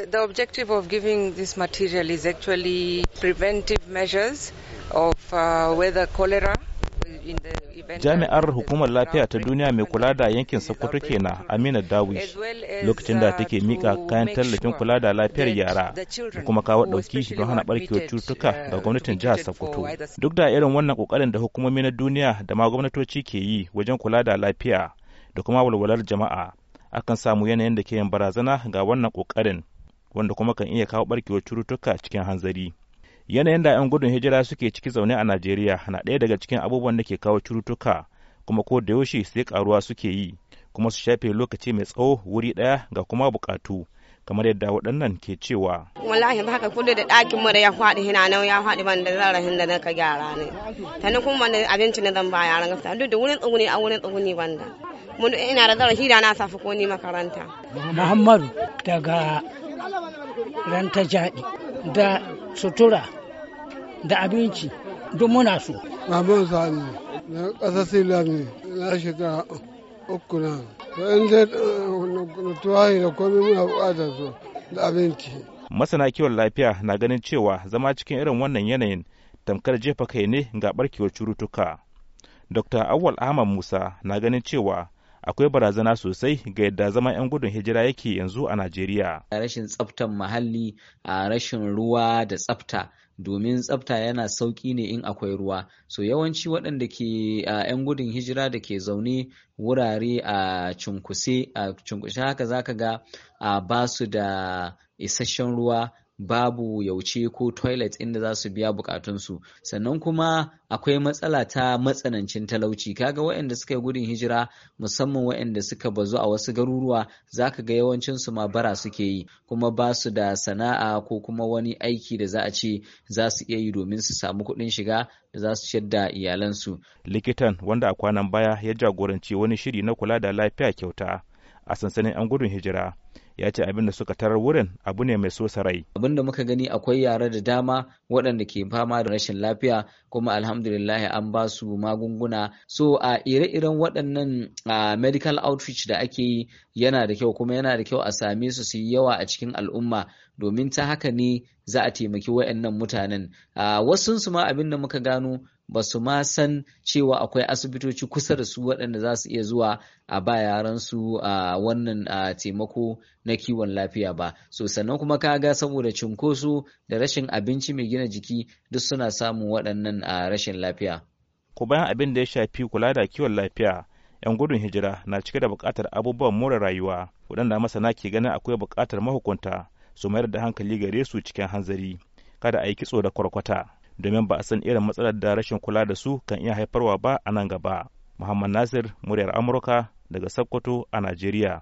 The objective of giving this material is actually preventive measures of uh, whether cholera Jami'ar Hukumar Lafiya ta Duniya mai kula da yankin Sokoto kenan Amina Dawish lokacin da take uh, mika kayan tallafin kula da lafiyar yara da kuma kawo ɗauki don hana barkewar cutuka uh, ga gwamnatin jihar Sokoto. Duk da irin wannan kokarin da hukumomi na duniya da ma gwamnatoci ke yi wajen kula da lafiya da kuma walwalar jama'a akan samu yanayin da ke yin barazana ga wannan kokarin. wanda kuma kan iya kawo barkewar cututtuka cikin hanzari yanayin da 'yan gudun hijira suke ciki zaune a najeriya na ɗaya daga cikin abubuwan da ke kawo cututtuka kuma ko da yaushe sai karuwa suke yi kuma su shafe lokaci mai tsawo wuri ɗaya ga kuma bukatu kamar yadda waɗannan ke cewa. Wallahi ba ka da ɗakin mu da ya faɗi hina nan ya faɗi ban da zarafin da ka gyara ne. Ta ni kuma da abinci na zan ba yaran gafta duk da wurin tsuguni a wurin tsuguni banda. Mun ina da zarafi da na safi ko ni makaranta. Muhammadu daga ran ta jaɗi da sutura da abinci duk muna so. Baban Sani na ƙasa Silami na shiga uku na. Wa'in zai eh, tuwaye da komai muna buƙata su da abinci. Masana kiwon lafiya na ganin cewa zama cikin irin wannan yanayin tamkar jefa kai ne ga ɓarkewar cututtuka. Dr. Awal Ahmad Musa na ganin cewa akwai barazana sosai ga yadda zaman 'yan gudun hijira yake yanzu a Najeriya. Rashin tsaftar muhalli a rashin ruwa da tsafta domin tsafta yana sauƙi ne in akwai ruwa so yawanci waɗanda ke a 'yan gudun hijira da ke zaune wurare a cunkuse a cunkushe haka zaka ga ba su da isasshen ruwa babu yauce ko toilet inda za su biya bukatunsu sannan kuma akwai matsala ta matsanancin talauci kaga waɗanda suka yi gudun hijira musamman waɗanda suka bazu a wasu garuruwa zaka ga yawancinsu ma bara suke yi kuma ba su da sana'a ko kuma wani aiki da za a ce za su iya yi domin su samu kuɗin shiga da za su shadda iyalansu likitan wanda a kwanan baya ya jagoranci wani shiri na kula da lafiya kyauta a sansanin 'yan gudun hijira ya ce abin da suka tarar wurin abu ne mai sosa rai. Abin da muka gani akwai yara da dama waɗanda ke fama da rashin lafiya kuma alhamdulillah an ba su magunguna. So a ire-iren waɗannan medical outreach da ake yi yana da kyau kuma yana da kyau a same su su yi yawa a cikin al'umma domin ta haka ne za a taimaki wayannan mutanen a wasunsu ma abin da muka gano ba su ma san cewa akwai asibitoci kusa da su waɗanda za su iya zuwa a ba yaransu a wannan taimako na kiwon lafiya ba so sannan kuma ka ga saboda cunkoso da rashin abinci mai gina jiki duk suna samun waɗannan rashin lafiya ku bayan abin da ya shafi kula da kiwon lafiya 'yan gudun hijira na cike da buƙatar abubuwan more rayuwa waɗanda masana ke ganin akwai buƙatar mahukunta su mayar da hankali gare su cikin hanzari kada a yi kitso da kwarkwata domin ba a san irin matsalar da rashin kula da su kan iya haifarwa ba a nan gaba muhammad nasir muryar amurka daga sokoto a najeriya